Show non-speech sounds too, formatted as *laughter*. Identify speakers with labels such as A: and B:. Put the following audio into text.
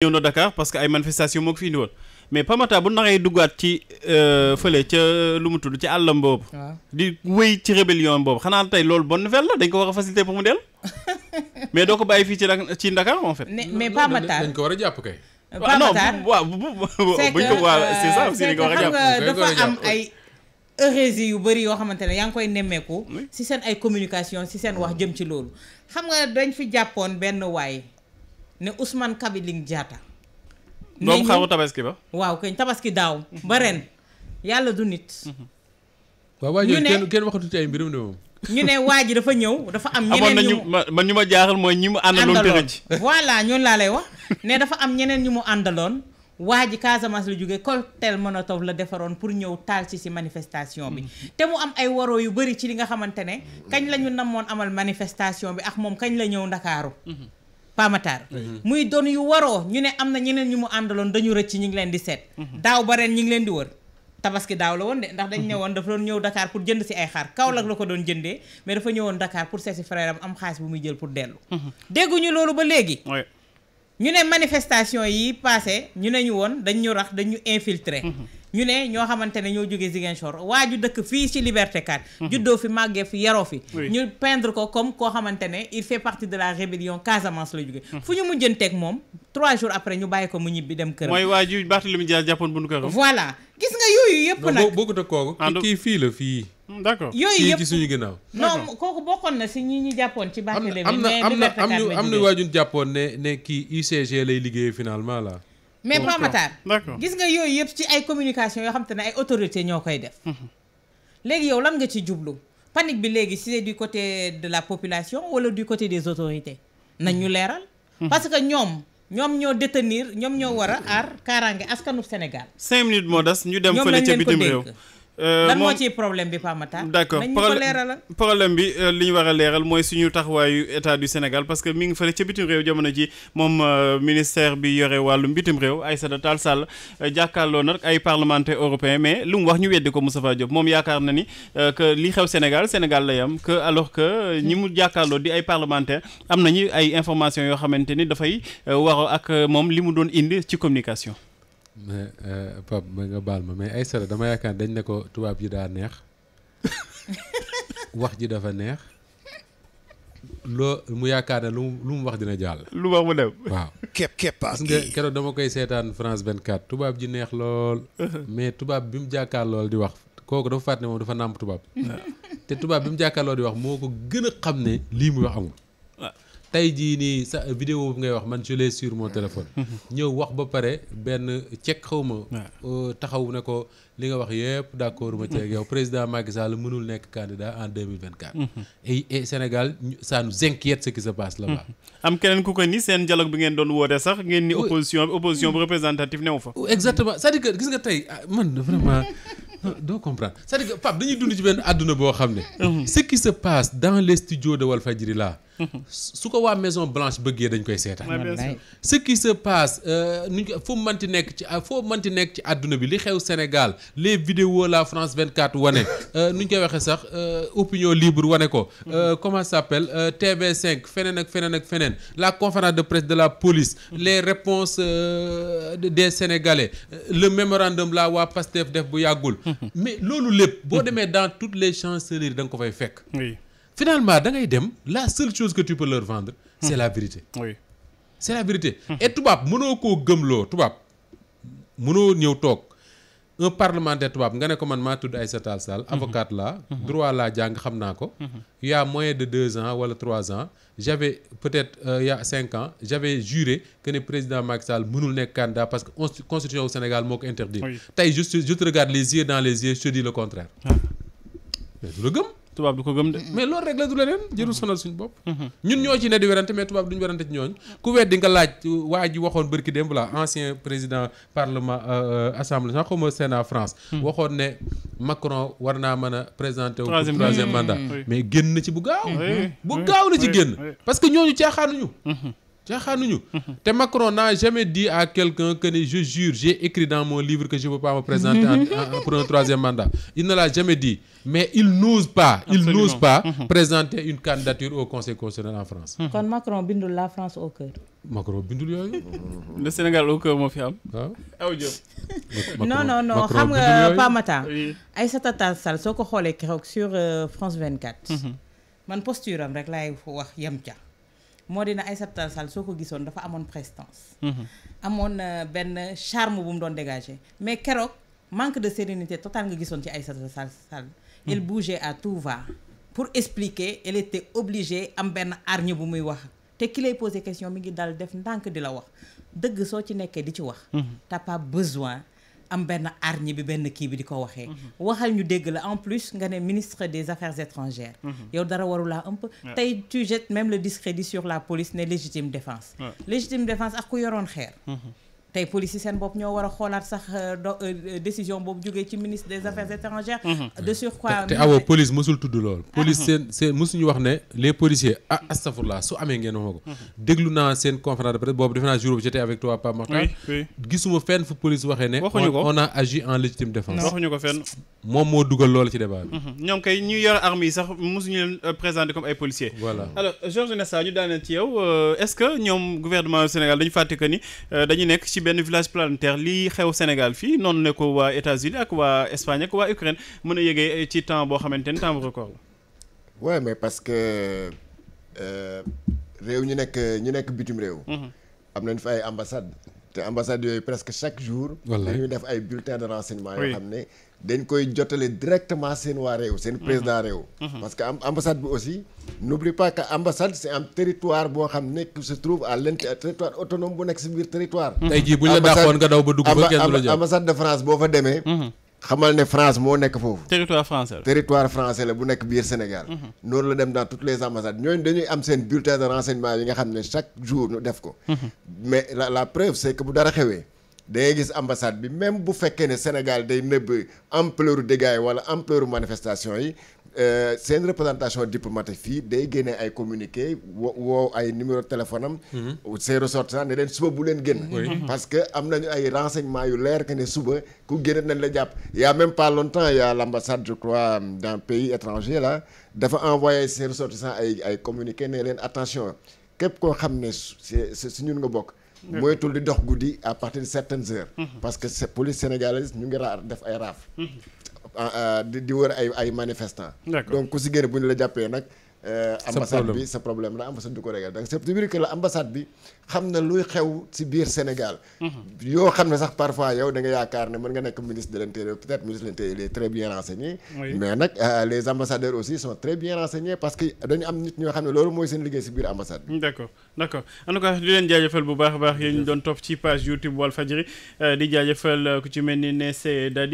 A: ñëw na parce que ay manifestation moo ko fi indi woon mais Pamata bu naree duggaat ci euh, fële ca euh, lu mu tudd ci àllam boobu. di wéy ci rébellion boobu xanaa tey loolu bon nouvelle la dañ ko war a faciliter pour mu dellu *laughs* mais doo ko bàyyi fii ci ci Dakar en fait. mais Pamata dañ ko war a jàpp
B: kay. Pamata waaw ah, bu buñ ko waaw c'est ça aussi dañ ko war a jàpp dafa am
C: ay. hérésie yu bëri yoo xamante ne yaa ngi koy nemmeeku. si seen ay communication si seen wax jëm ci loolu. xam nga dañ fi jàppoon benn waay. ne Ousmane Kabiling jaata doom xaru tabaski ba. waaw kañ tabaski daaw. ba ren yàlla du nit.
B: waaw waay ñu ne kenn kenn waxatu ci ay mbirum de moom.
C: ñu ne waa ji dafa ñëw dafa am. ñeneen ñu
A: ma ñu ma jaaxal mooy ñi mu. àndaloon tërëj *laughs*
C: voilà ñoon laa lay wax. ne dafa am ñeneen ñu mu àndaloon. waa ji Casamance la jógee cocktail Molotov la defaroon pour ñëw taal ci si manifestation bi mhm. te mu am ay waroo yu bëri ci li nga xamante ne kañ lañu ñu namoon amal manifestation bi ak moom kañ la ñëw Ndakaaru mhm. Pamatar. Mm-hmm. muy doon yu waroo ñu ne am na ñeneen ñu mu àndaloon dañu rëcc ñu ngi leen di seet. Mm-hmm. daaw ba ren ñu ngi leen di wër. tabaski daaw la woon de ndax dañ ne woon dafa doon ñëw Dakar pour jënd si ay xaar Kaolack la ko doon jëndee mais dafa ñëwoon Dakar pour seet si frère am xaalis bu muy jël pour dellu. Mm-hmm. dégguñu loolu ba léegi. ñu ne manifestation yi passé ñu ne ñu woon dañ rax dañ ñu ñu ne ñoo xamante ne ñoo jógee Ziguinchor waa ju dëkk fii ci Liberté 4 mhm. juddoo fi màggee fi yaroo fi ñu peindre ko comme koo xamante ne il fait partie de la rébellion Casamance la jógee mhm. fu ñu mujjanteeg moom trois jours après ñu bàyyi ko mu ñibbi dem këram mooy waa
A: ju Barthélémy Dias jàppoon bu nu këram voilà
C: gis nga yooyu yëpp nag
A: bokkut
B: ak kooku ah, kii fii la fii hmm, d'accord yooyu yëpp ci suñu ginnaaw non
C: kooku bokkoon na si ñi ñu jàppoon ci Barthélémy am na am na am na
B: jàppoon ne kii UCG lay liggéey la mais Pape Matar gis
C: nga yooyu yëpp ci ay communication yoo xam ne ay autorité ñoo koy def mhm. léegi yow lan nga ci jublu panique bi léegi si c'est du côté de la population wala du côté des autorités nañ ñu mhm. leeral mhm. parce que ñoom ñoom ñoo détenir ñoom ñoo war a aar kaaraange askanu Sénégal
A: cinq minutes moo des ñu dem fële ca bitim réew Euh, lan moo
C: ciy problème bi Pamata. d' accord
A: problème bi euh, li ñu war a leeral mooy suñu taxawaayu état du Sénégal parce que mi ngi fële ca bitim réew jamono ji moom euh, ministère bi yore wàllum bitim réew ay Aïssata Tall Sall jàkkaarloo nag ay parlementaires européens mais lu mu wax ñu weddi ko Moustapha Diop moom yaakaar na ni que li xew Sénégal Sénégal la yam que alors que ñi mu jàkkaarloo di ay parlementaires am na nañu ay informations yoo xamante ni dafay waroo ak moom li mu doon indi ci communication.
B: mais euh, Pape ma nga baal ma mais ay Aïssata dama yaakaar dañ ne ko tubaab yi daa neex *laughs* wax ji dafa neex loo mu yaakaar ne lu mu lu mu wax dina jàll. lu wax
A: mu dem waaw.
B: képp képp gis nga keroog dama koy seetaan France 24 tubaab ji neex lool. Uh-huh. mais tubaab bi mu jàkkaar lool di wax kooku dafa fàtte ne moom dafa nàmp tubaab. *laughs* te tubaab bi mu jàkkaar lool di wax moo ko gën a xam ne lii muy wax amul. tey jii nii sa vidéo bu ngay wax man je l'ai sur mon téléphone. *laughs* ñëw wax ba pare benn cek xawma ma. Euh, taxaw ne ko li nga wax yëpp d' ma ceeg yow *laughs* président Macky Sall mënul nekk candidat en deux mille vingt quatre. Mhm. et et Sénégal ça nous inquiète ce qui se passe là-bas. Mhm.
A: am keneen ku ko ni seen dialogue bi ngeen doon woote sax ngeen ni. opposition bi opposition bi mm. représentative newu fa. exactement cest à gis nga tey
B: ah, man vraiment. *laughs* doo comprendre c'est-à-dire que Pape dañuy dund ci benn àdduna boo xam ne. Mhm. ce qui dans les studios de Walfadjri là. su ko waa Maison Blanche bëggee dañ koy seetaan. ce qui se passe euh, nuñ ko foo mënti nekk ci ah, foo mënti nekk ci àdduna bi li xew Sénégal les vidéos la France 24 wane euh, nuñ koy waxee sax euh, opinion libre wane ko. comment ça s'appelle TV5 feneen ak feneen ak feneen la conférence de presse de la police. Mm-hmm. les réponses de Sénégalais le mémorandum la waa PASTEF def bu yàggul. Mm-hmm. mais loolu lépp boo mm-hmm. demee dans toutes les chancelleries da nga ko fay fekk. finalement dangay dem la seule chose que tu peux leur vendre. c'est hmm. la vérité. oui c'est la vérité. Hmm. tubaab mënoo koo gëmloo tubaab mënoo ñëw toog un parlementaire tubaab nga ne ko man maa tudd Aïssata Tall Sall hmm. avocate la droit laa jàng xam naa ko. il y a de deux ans wala trois ans j'avais peut-être euh, cinq ans j'avais juré que ne président Macky Sall mënul nekk candidat parce que constitution au Sénégal moo ko interdit. tey je je te regarde les yeux dans les yeux je le contraire. Ah. tubaab du ko mais loolu rek du leneen jërul mm-hmm. sonal suñ bopp mm-hmm. ñun ñoo ci ne di werante mais tubaab duñ werante ci ñooñ ku weddi nga laaj waa ji waxoon bërki démb la ancien président parlement euh, euh, assemblée sax xawma sénat France mm-hmm. waxoon ne Macron war naa mën a présenté mandat mais génn na ci bu gaaw bu gaaw na ci génn parce que ñooñu caaxaanuñu caaxaanuñu te Macron n'a jamais dit à quelqu'un que ne je jure j'ai écrit dans mon livre que je ne pas me présenter en, en, pour un troisième mandat il ne l'a jamais dit mais il n'ose pas Absolument. il n'ose pas mm-hmm. présenter une candidature au conseil constitutionnel en France mm-hmm.
C: kon Macron bindul la France au cœur
B: Macron bindul yooyu mm-hmm. le Sénégal au cœur moo fi am ah. non non non xam nga Pa
C: Matar Aïssata soo ko xoolee keroog sur euh, France 24 man posture rek moo dina Aïssata Tall soo ko gisoon dafa amoon prestance mhm. amoon euh, benn charme bu mu doon dégagé mais keroog manque de sérénité totale nga gisoon ci ay Aïssata Tall Sall il mhm. bougeait à tout va pour expliquer elle était obligée am benn hargne bu muy wax te ki lay posé question mi ngi dal def ndànk di la wax dëgg soo ci nekkee di ci wax mhm. t'as besoin am benn arñi bi benn kii bi di ko waxee waxal ñu dégg la en plus nga ne ministre des affaires étrangères mhm. yow dara warulaa ëmp tey tu jettes même le discrédit sur la police ne légitime défense légitime défense ak ku yoroon xeer mhm. tey police yi seen bopp ñoo war a xoolaat sax euh, euh, décision boobu jógee ci ministre des affaires étrangères. Mm-hmm. de surcroît te awo police mosul tudd lool. Ah. police
B: seen seen mosuñu wax ne les policiers ah astafurlah su amee ngeen wax ko. Mm-hmm. déglu naa seen conférence de presse boobu defe jour bi j'étais avec toi Pape Makhtar. gisuma fenn fu police waxee ne. moom moo dugal loolu ci débat bi. Mm-hmm.
A: ñoom kay ñu yor armes sax mosuñu leen euh, présenter comme ay policiers. voilà ci benn village planétaire lii xew Sénégal fii noonu ne ko waa États-Unis ak waa Espagne ak waa Ukraine mën a yëgee ci temps boo xamante ni temps bu record la.
D: waaw mais parce que euh, réew ñu nekk ñu nekk bitim réew. Mhm. am nañ fa ay ambassade te ambassade yooyu presque chaque jour. dañuy def ay bulletins de renseignement. yoo xam ne dañ koy jotale directement seen waa réew. seen président réew. Mhm. parce que ambassade bi aussi. n'oublie pas que ambassade c'est un territoire boo xam ne qui se trouve à l'intérieur territoire autonome bu nekk si biir territoire. tey jii buñ la dàqoon nga daw ba dugg ba kenn du la jël ambassade de France boo fa demee. Mhm. xamal ne France moo nekk foofu. territoire français la territoire français la bu nekk biir Sénégal. Mhm. noonu la dem dans toutes les ambassades ñooñu dañuy am seen bulletin de renseignement yi nga xam ne chaque jour ñu def ko. Mhm. mais la la preuve c'est bu dara xewee. da gis ambassade bi même bu fekkee ne Sénégal day nëbb ampleur dégâts yi wala ampleur manifestation yi Euh, seen représentation diplomatique fii day génne ay communiqué wo woo ay numéro téléphone am. Mhm. ses ressortissants ne leen suba bu leen génn. Mhm. parce que am nañu ay renseignements yu leer que ne suba ku génn nañ la jàpp. y' a même pas longtemps y' a l' ambassade je crois d'un pays étranger là dafa envoyé ses ressortissants ay ay communiqué ne leen attention képp koo xam ne si ñun nga bokk. moytul di dox guddi à partir de certaines heures. Mhm. parce que police sénégalaise ñu ra di wër ay ay donc ku si génn bu ñu la jàppee nag. Euh, ambassade bi sa problème la ambassade du ko régal donc c'est vrai bi xam na luy xew ci biir Sénégal. Mhm. yoo xam ne sax parfois yow da yaakaar ne mën nga nekk ministre de l'intérieur peut-être ministre de l'intérieur très bien renseigné. mais nag euh, les ambassadeurs aussi sont très bien renseignés parce que dañu am nit ñoo xam ne loolu mooy seen liggéey ci biir ambassade
A: bi. d'accord d'accord en tout cas a